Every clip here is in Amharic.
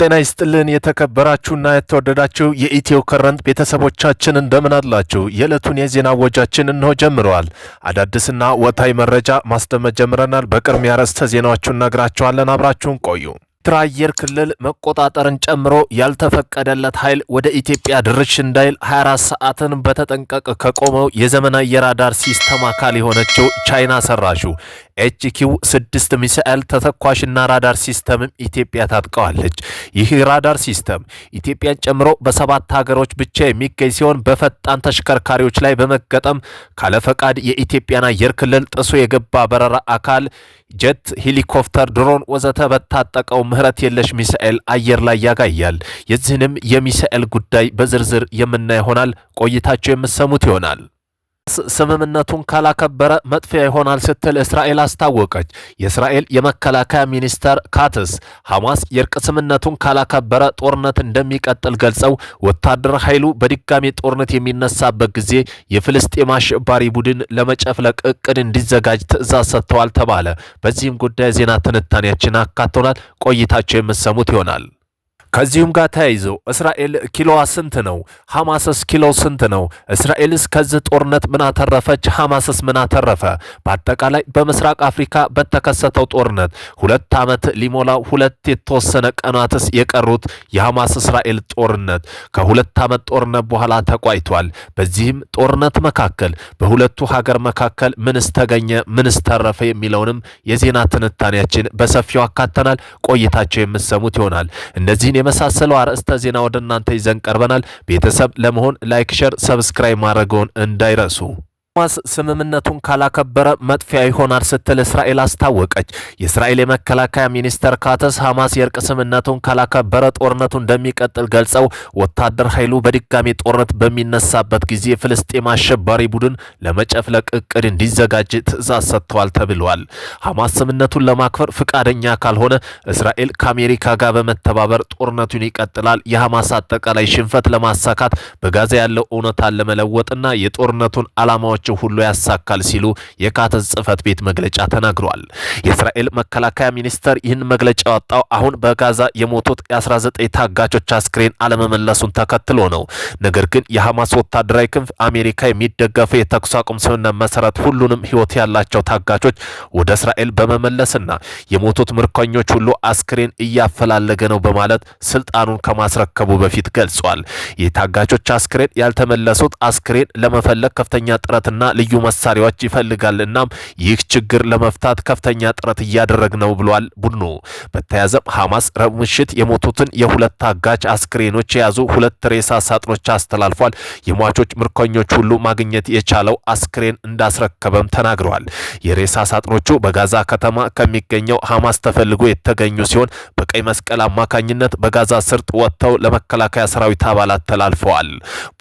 ጤና ይስጥልን የተከበራችሁና የተወደዳችሁ የኢትዮ ከረንት ቤተሰቦቻችን እንደምን አላችሁ? የዕለቱን የዜና ወጃችን እንሆ ጀምረዋል። አዳዲስና ወታይ መረጃ ማስደመጥ ጀምረናል። በቅድሚያ ርዕሰ ዜናዎቹን ነግራችኋለን። አብራችሁን ቆዩ። የኤርትራ አየር ክልል መቆጣጠርን ጨምሮ ያልተፈቀደለት ኃይል ወደ ኢትዮጵያ ድርሽ እንዳይል 24 ሰዓትን በተጠንቀቅ ከቆመው የዘመናዊ የራዳር ሲስተም አካል የሆነችው ቻይና ሰራሹ ኤችኪው ስድስት ሚሳኤል ተተኳሽና ራዳር ሲስተምም ኢትዮጵያ ታጥቀዋለች። ይህ ራዳር ሲስተም ኢትዮጵያን ጨምሮ በሰባት ሀገሮች ብቻ የሚገኝ ሲሆን በፈጣን ተሽከርካሪዎች ላይ በመገጠም ካለፈቃድ የኢትዮጵያን አየር ክልል ጥሶ የገባ በረራ አካል ጀት፣ ሄሊኮፕተር፣ ድሮን ወዘተ በታጠቀው ምህረት የለሽ ሚሳኤል አየር ላይ ያጋያል። የዚህንም የሚሳኤል ጉዳይ በዝርዝር የምናይ ይሆናል። ቆይታቸው የምሰሙት ይሆናል። ስምምነቱን ካላከበረ መጥፊያ ይሆናል ስትል እስራኤል አስታወቀች። የእስራኤል የመከላከያ ሚኒስተር ካትስ ሐማስ የእርቅ ስምምነቱን ካላከበረ ጦርነት እንደሚቀጥል ገልጸው ወታደር ኃይሉ በድጋሚ ጦርነት የሚነሳበት ጊዜ የፍልስጤም አሸባሪ ቡድን ለመጨፍለቅ እቅድ እንዲዘጋጅ ትዕዛዝ ሰጥተዋል ተባለ። በዚህም ጉዳይ ዜና ትንታኔያችን አካቶናል ቆይታቸው የምሰሙት ይሆናል። ከዚሁም ጋር ተያይዞ እስራኤል ኪሎዋ ስንት ነው? ሐማስስ ኪሎ ስንት ነው? እስራኤልስ ከዚህ ጦርነት ምን አተረፈች? ሐማስስ ምን አተረፈ? በአጠቃላይ በምስራቅ አፍሪካ በተከሰተው ጦርነት ሁለት ዓመት ሊሞላው ሁለት የተወሰነ ቀናትስ የቀሩት የሐማስ እስራኤል ጦርነት ከሁለት ዓመት ጦርነት በኋላ ተቋይቷል። በዚህም ጦርነት መካከል በሁለቱ ሀገር መካከል ምንስ ተገኘ? ምንስ ተረፈ? የሚለውንም የዜና ትንታኔያችን በሰፊው አካተናል። ቆይታቸው የምትሰሙት ይሆናል እነዚህን እነዚህን የመሳሰሉ አርዕስተ ዜና ወደ እናንተ ይዘን ቀርበናል። ቤተሰብ ለመሆን ላይክ፣ ሸር፣ ሰብስክራይብ ማድረገውን እንዳይረሱ። ሐማስ ስምምነቱን ካላከበረ መጥፊያ ይሆናል ስትል እስራኤል አስታወቀች። የእስራኤል የመከላከያ ሚኒስተር ካተስ ሐማስ የእርቅ ስምምነቱን ካላከበረ ጦርነቱ እንደሚቀጥል ገልጸው ወታደር ኃይሉ በድጋሚ ጦርነት በሚነሳበት ጊዜ የፍልስጤም አሸባሪ ቡድን ለመጨፍለቅ እቅድ እንዲዘጋጅ ትዕዛዝ ሰጥተዋል ተብሏል። ሐማስ ስምምነቱን ለማክበር ፍቃደኛ ካልሆነ እስራኤል ከአሜሪካ ጋር በመተባበር ጦርነቱን ይቀጥላል። የሐማስ አጠቃላይ ሽንፈት ለማሳካት በጋዛ ያለው እውነታን ለመለወጥና የጦርነቱን ዓላማዎች ያሰባቸው ሁሉ ያሳካል ሲሉ የካተ ጽህፈት ቤት መግለጫ ተናግሯል። የእስራኤል መከላከያ ሚኒስቴር ይህን መግለጫ ያወጣው አሁን በጋዛ የሞቱት የ19 ታጋቾች አስክሬን አለመመለሱን ተከትሎ ነው። ነገር ግን የሐማስ ወታደራዊ ክንፍ አሜሪካ የሚደገፈው የተኩስ አቁም ስምምነት መሰረት ሁሉንም ህይወት ያላቸው ታጋቾች ወደ እስራኤል በመመለስና የሞቱት ምርኮኞች ሁሉ አስክሬን እያፈላለገ ነው በማለት ስልጣኑን ከማስረከቡ በፊት ገልጿል። የታጋቾች አስክሬን ያልተመለሱት አስክሬን ለመፈለግ ከፍተኛ ጥረት መሳሪያና ልዩ መሳሪያዎች ይፈልጋል። እናም ይህ ችግር ለመፍታት ከፍተኛ ጥረት እያደረግ ነው ብሏል ቡድኑ። በተያያዘም ሐማስ ረቡዕ ምሽት የሞቱትን የሁለት አጋች አስክሬኖች የያዙ ሁለት ሬሳ ሳጥኖች አስተላልፏል። የሟቾች ምርኮኞች ሁሉ ማግኘት የቻለው አስክሬን እንዳስረከበም ተናግረዋል። የሬሳ ሳጥኖቹ በጋዛ ከተማ ከሚገኘው ሐማስ ተፈልጎ የተገኙ ሲሆን በቀይ መስቀል አማካኝነት በጋዛ ስርጥ ወጥተው ለመከላከያ ሰራዊት አባላት ተላልፈዋል።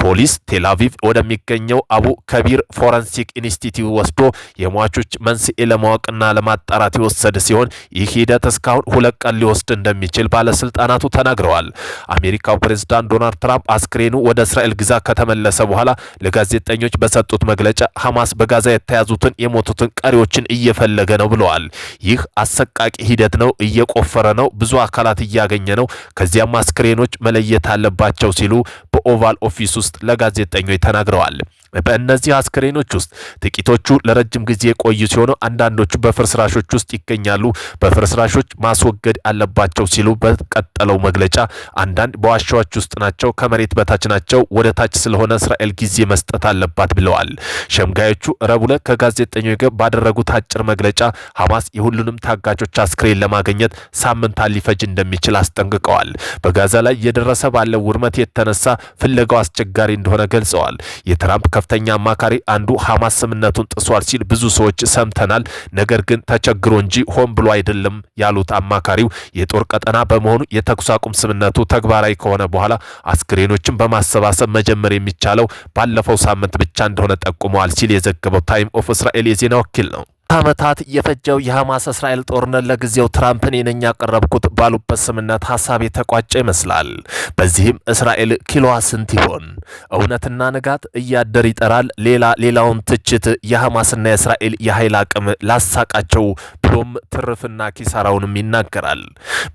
ፖሊስ ቴላቪቭ ወደሚገኘው አቡ ከቢር ፎረንሲክ ኢንስቲትዩት ወስዶ የሟቾች መንስኤ ለማወቅና ለማጣራት የወሰደ ሲሆን ይህ ሂደት እስካሁን ሁለት ቀን ሊወስድ እንደሚችል ባለስልጣናቱ ተናግረዋል። አሜሪካው ፕሬዝዳንት ዶናልድ ትራምፕ አስክሬኑ ወደ እስራኤል ግዛት ከተመለሰ በኋላ ለጋዜጠኞች በሰጡት መግለጫ ሐማስ በጋዛ የተያዙትን የሞቱትን ቀሪዎችን እየፈለገ ነው ብለዋል። ይህ አሰቃቂ ሂደት ነው፣ እየቆፈረ ነው፣ ብዙ አካላት እያገኘ ነው፣ ከዚያም አስክሬኖች መለየት አለባቸው ሲሉ በኦቫል ኦፊስ ውስጥ ለጋዜጠኞች ተናግረዋል። በእነዚህ አስክሬኖች ውስጥ ጥቂቶቹ ለረጅም ጊዜ የቆዩ ሲሆኑ አንዳንዶቹ በፍርስራሾች ውስጥ ይገኛሉ። በፍርስራሾች ማስወገድ አለባቸው ሲሉ በቀጠለው መግለጫ አንዳንድ በዋሻዎች ውስጥ ናቸው፣ ከመሬት በታች ናቸው። ወደ ታች ስለሆነ እስራኤል ጊዜ መስጠት አለባት ብለዋል። ሸምጋዮቹ ረቡዕ ዕለት ከጋዜጠኞች ጋር ባደረጉት አጭር መግለጫ ሐማስ የሁሉንም ታጋቾች አስክሬን ለማግኘት ሳምንታት ሊፈጅ እንደሚችል አስጠንቅቀዋል። በጋዛ ላይ እየደረሰ ባለው ውድመት የተነሳ ፍለጋው አስቸጋሪ እንደሆነ ገልጸዋል። የትራምፕ ከፍተኛ አማካሪ አንዱ ሐማስ ስምነቱን ጥሷል ሲል ብዙ ሰዎች ሰምተናል። ነገር ግን ተቸግሮ እንጂ ሆን ብሎ አይደለም ያሉት አማካሪው የጦር ቀጠና በመሆኑ የተኩስ አቁም ስምነቱ ተግባራዊ ከሆነ በኋላ አስክሬኖችን በማሰባሰብ መጀመር የሚቻለው ባለፈው ሳምንት ብቻ እንደሆነ ጠቁመዋል ሲል የዘገበው ታይም ኦፍ እስራኤል የዜና ወኪል ነው። ዓመታት የፈጀው የሐማስ እስራኤል ጦርነት ለጊዜው ትራምፕን የነኛ ያቀረብኩት ባሉበት ስምነት ሀሳብ የተቋጨ ይመስላል። በዚህም እስራኤል ኪሎዋ ስንት ይሆን? እውነትና ንጋት እያደር ይጠራል። ሌላ ሌላውን ትችት የሐማስና የእስራኤል የኃይል አቅም ላሳቃቸው ብሎም ትርፍና ኪሳራውንም ይናገራል።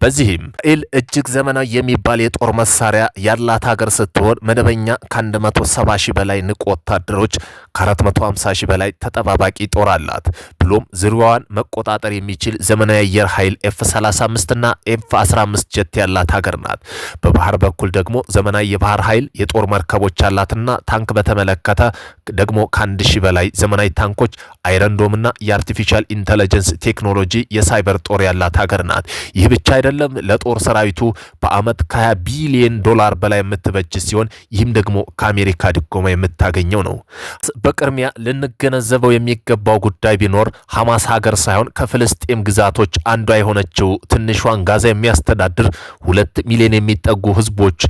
በዚህም እስራኤል እጅግ ዘመናዊ የሚባል የጦር መሳሪያ ያላት ሀገር ስትሆን መደበኛ ከ170 ሺህ በላይ ንቁ ወታደሮች፣ ከ450 ሺህ በላይ ተጠባባቂ ጦር አላት። ብሎም ዝርያዋን መቆጣጠር የሚችል ዘመናዊ አየር ኃይል ኤፍ 35 እና ኤፍ 15 ጀት ያላት ሀገር ናት። በባህር በኩል ደግሞ ዘመናዊ የባህር ኃይል የጦር መርከቦች ያላትና ታንክ በተመለከተ ደግሞ ከአንድ ሺህ በላይ ዘመናዊ ታንኮች አይረንዶምና የአርቲፊሻል ኢንተለጀንስ ቴክኖሎጂ የሳይበር ጦር ያላት ሀገር ናት። ይህ ብቻ አይደለም። ለጦር ሰራዊቱ በአመት ከ20 ቢሊዮን ዶላር በላይ የምትበጅ ሲሆን ይህም ደግሞ ከአሜሪካ ድጎማ የምታገኘው ነው። በቅድሚያ ልንገነዘበው የሚገባው ጉዳይ ቢኖር ሐማስ ሀገር ሳይሆን ከፍልስጤም ግዛቶች አንዷ የሆነችው ትንሿን ጋዛ የሚያስተዳድር ሁለት ሚሊዮን የሚጠጉ ህዝቦች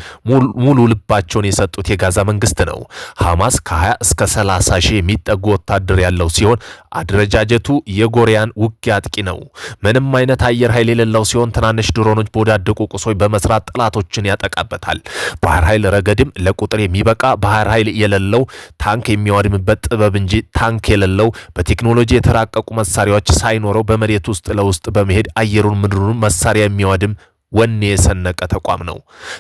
ሙሉ ልባቸውን የሰጡት የጋዛ መንግስት ነው። ሐማስ ከ20 እስከ 30 ሺህ የሚጠጉ ወታደር ያለው ሲሆን አደረጃጀቱ የጎሪያን ውጊያ አጥቂ ነው። ምንም አይነት አየር ኃይል የሌለው ሲሆን ትናንሽ ድሮኖች በወዳደቁ ቁሶች በመስራት ጠላቶችን ያጠቃበታል። ባህር ኃይል ረገድም ለቁጥር የሚበቃ ባህር ኃይል የሌለው ታንክ የሚያወድምበት ጥበብ እንጂ ታንክ የሌለው በቴክኖሎጂ የተራቀቁ መሳሪያዎች ሳይኖረው በመሬት ውስጥ ለውስጥ በመሄድ አየሩን ምድሩን መሳሪያ የሚያወድም ወኔ የሰነቀ ተቋም ነው።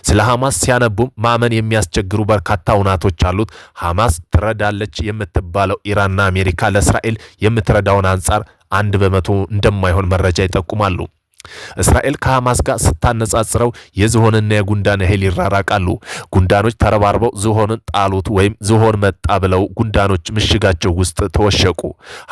ስለ ሐማስ ሲያነቡም ማመን የሚያስቸግሩ በርካታ እውናቶች አሉት። ሐማስ ትረዳለች የምትባለው ኢራንና አሜሪካ ለእስራኤል የምትረዳውን አንጻር አንድ በመቶ እንደማይሆን መረጃ ይጠቁማሉ። እስራኤል ከሐማስ ጋር ስታነጻጽረው የዝሆንና የጉንዳን ያህል ይራራቃሉ። ጉንዳኖች ተረባርበው ዝሆንን ጣሉት ወይም ዝሆን መጣ ብለው ጉንዳኖች ምሽጋቸው ውስጥ ተወሸቁ።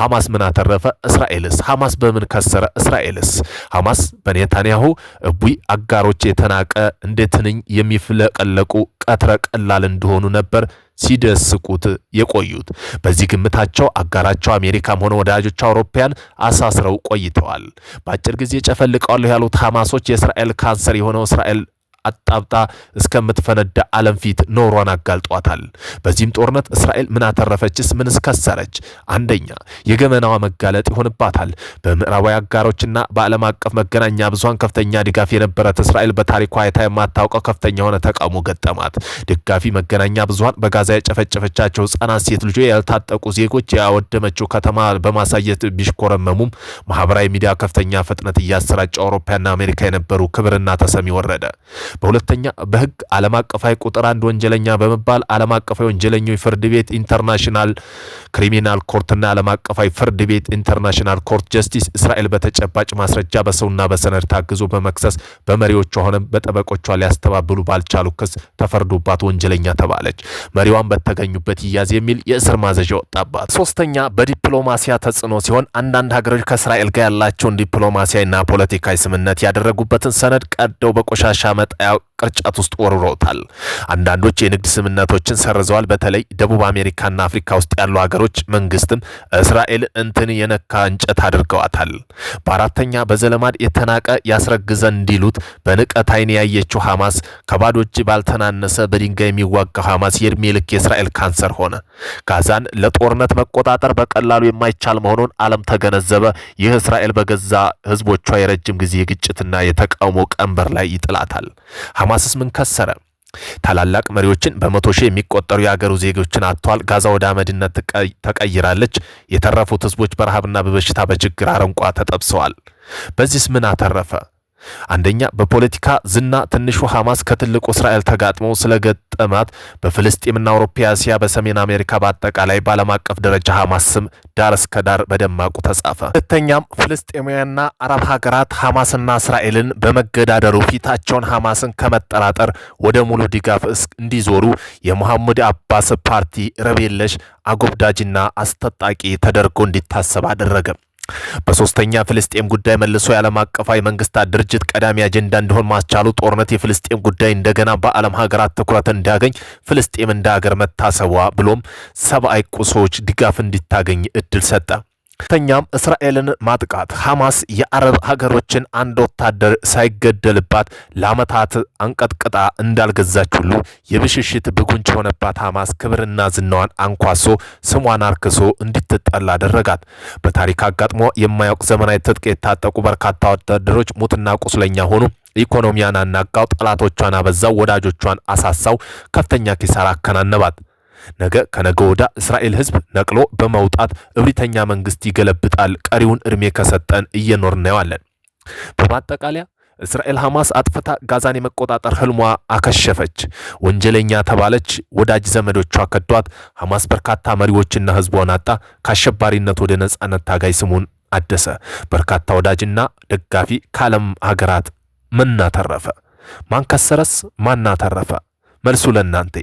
ሐማስ ምን አተረፈ? እስራኤልስ? ሐማስ በምን ከሰረ? እስራኤልስ? ሐማስ በኔታንያሁ እቡይ አጋሮች የተናቀ እንደ ትንኝ የሚፍለቀለቁ ቀትረ ቀላል እንደሆኑ ነበር ሲደስቁት የቆዩት። በዚህ ግምታቸው አጋራቸው አሜሪካም ሆነ ወዳጆቹ አውሮፓያን አሳስረው ቆይተዋል። በአጭር ጊዜ ጨፈልቀዋለሁ ያሉት ሐማሶች የእስራኤል ካንሰር የሆነው እስራኤል አጣብጣ እስከምትፈነዳ ዓለም ፊት ኖሯን አጋልጧታል። በዚህም ጦርነት እስራኤል ምን አተረፈችስ? ምን እስከሰረች? አንደኛ የገመናዋ መጋለጥ ይሆንባታል። በምዕራባዊ አጋሮችና በዓለም አቀፍ መገናኛ ብዙሃን ከፍተኛ ድጋፍ የነበረት እስራኤል በታሪኳ አይታ የማታውቀው ከፍተኛ የሆነ ተቃውሞ ገጠማት። ደጋፊ መገናኛ ብዙሃን በጋዛ የጨፈጨፈቻቸው ህጻናት፣ ሴት ልጆ፣ ያልታጠቁ ዜጎች፣ ያወደመችው ከተማ በማሳየት ቢሽኮረመሙም ማህበራዊ ሚዲያ ከፍተኛ ፍጥነት እያሰራጨ አውሮፓና አሜሪካ የነበሩ ክብርና ተሰሚ ወረደ። በሁለተኛ በህግ ዓለም አቀፋዊ ቁጥር አንድ ወንጀለኛ በመባል ዓለም አቀፋዊ ወንጀለኞች ፍርድ ቤት ኢንተርናሽናል ክሪሚናል ኮርትና ዓለም አቀፋዊ ፍርድ ቤት ኢንተርናሽናል ኮርት ጀስቲስ እስራኤል በተጨባጭ ማስረጃ በሰውና በሰነድ ታግዞ በመክሰስ በመሪዎቿ ሆነም በጠበቆቿ ሊያስተባብሉ ባልቻሉ ክስ ተፈርዶባት ወንጀለኛ ተባለች። መሪዋን በተገኙበት ይያዝ የሚል የእስር ማዘዣ ወጣባት። ሶስተኛ በዲፕሎማሲያ ተጽዕኖ ሲሆን አንዳንድ ሀገሮች ከእስራኤል ጋር ያላቸውን ዲፕሎማሲያዊና ፖለቲካዊ ስምነት ያደረጉበትን ሰነድ ቀደው በቆሻሻ መጣ out. ቅርጫት ውስጥ ወርውረውታል። አንዳንዶች የንግድ ስምምነቶችን ሰርዘዋል። በተለይ ደቡብ አሜሪካና አፍሪካ ውስጥ ያሉ ሀገሮች መንግስትም እስራኤል እንትን የነካ እንጨት አድርገዋታል። በአራተኛ በዘለማድ የተናቀ ያስረግዘ እንዲሉት በንቀት አይን ያየችው ሐማስ ከባዶ እጅ ባልተናነሰ በድንጋይ የሚዋጋው ሐማስ የእድሜ ልክ የእስራኤል ካንሰር ሆነ። ጋዛን ለጦርነት መቆጣጠር በቀላሉ የማይቻል መሆኑን ዓለም ተገነዘበ። ይህ እስራኤል በገዛ ህዝቦቿ የረጅም ጊዜ የግጭትና የተቃውሞ ቀንበር ላይ ይጥላታል። ሐማስስ ምን ከሰረ? ታላላቅ መሪዎችን በመቶ ሺህ የሚቆጠሩ የአገሩ ዜጎችን አጥቷል። ጋዛ ወደ አመድነት ተቀይራለች። የተረፉት ህዝቦች በረሃብና በበሽታ በችግር አረንቋ ተጠብሰዋል። በዚህስ ምን አተረፈ? አንደኛ በፖለቲካ ዝና ትንሹ ሐማስ ከትልቁ እስራኤል ተጋጥሞ ስለገጠማት በፍልስጤምና አውሮፓ፣ እስያ፣ በሰሜን አሜሪካ በአጠቃላይ በዓለም አቀፍ ደረጃ ሐማስ ስም ዳር እስከ ዳር በደማቁ ተጻፈ። ሁለተኛም ፍልስጤማውያንና አረብ ሀገራት ሐማስና እስራኤልን በመገዳደሩ ፊታቸውን ሐማስን ከመጠራጠር ወደ ሙሉ ድጋፍ እንዲዞሩ የሙሐመድ አባስ ፓርቲ ረቤለሽ አጎብዳጅና አስተጣቂ ተደርጎ እንዲታሰብ አደረገም። በሶስተኛ ፍልስጤም ጉዳይ መልሶ የዓለም አቀፋዊ መንግስታት ድርጅት ቀዳሚ አጀንዳ እንዲሆን ማስቻሉ ጦርነት የፍልስጤም ጉዳይ እንደገና በዓለም ሀገራት ትኩረት እንዲያገኝ ፍልስጤም እንደ ሀገር መታሰቧ ብሎም ሰብአዊ ቁሶች ድጋፍ እንዲታገኝ እድል ሰጠ። ተኛም እስራኤልን ማጥቃት ሐማስ የአረብ ሀገሮችን አንድ ወታደር ሳይገደልባት ለአመታት አንቀጥቅጣ እንዳልገዛች ሁሉ የብሽሽት ብጉንጭ የሆነባት ሐማስ ክብርና ዝናዋን አንኳሶ ስሟን አርክሶ እንድትጠላ አደረጋት። በታሪክ አጋጥሞ የማያውቅ ዘመናዊ ትጥቅ የታጠቁ በርካታ ወታደሮች ሙትና ቁስለኛ ሆኑ። ኢኮኖሚያን አናጋው፣ ጠላቶቿን አበዛው፣ ወዳጆቿን አሳሳው፣ ከፍተኛ ኪሳራ አከናነባት። ነገ ከነገ ወዳ እስራኤል ህዝብ ነቅሎ በመውጣት እብሪተኛ መንግስት ይገለብጣል። ቀሪውን እድሜ ከሰጠን እየኖር እናየዋለን። በማጠቃለያ እስራኤል ሐማስ አጥፍታ ጋዛን የመቆጣጠር ህልሟ አከሸፈች። ወንጀለኛ ተባለች። ወዳጅ ዘመዶቿ ከዷት። ሐማስ በርካታ መሪዎችና ህዝቧን አጣ። ከአሸባሪነት ወደ ነጻነት ታጋይ ስሙን አደሰ። በርካታ ወዳጅና ደጋፊ ከዓለም ሀገራት ምናተረፈ? ማን ከሰረስ? ማናተረፈ? መልሱ ለእናንተ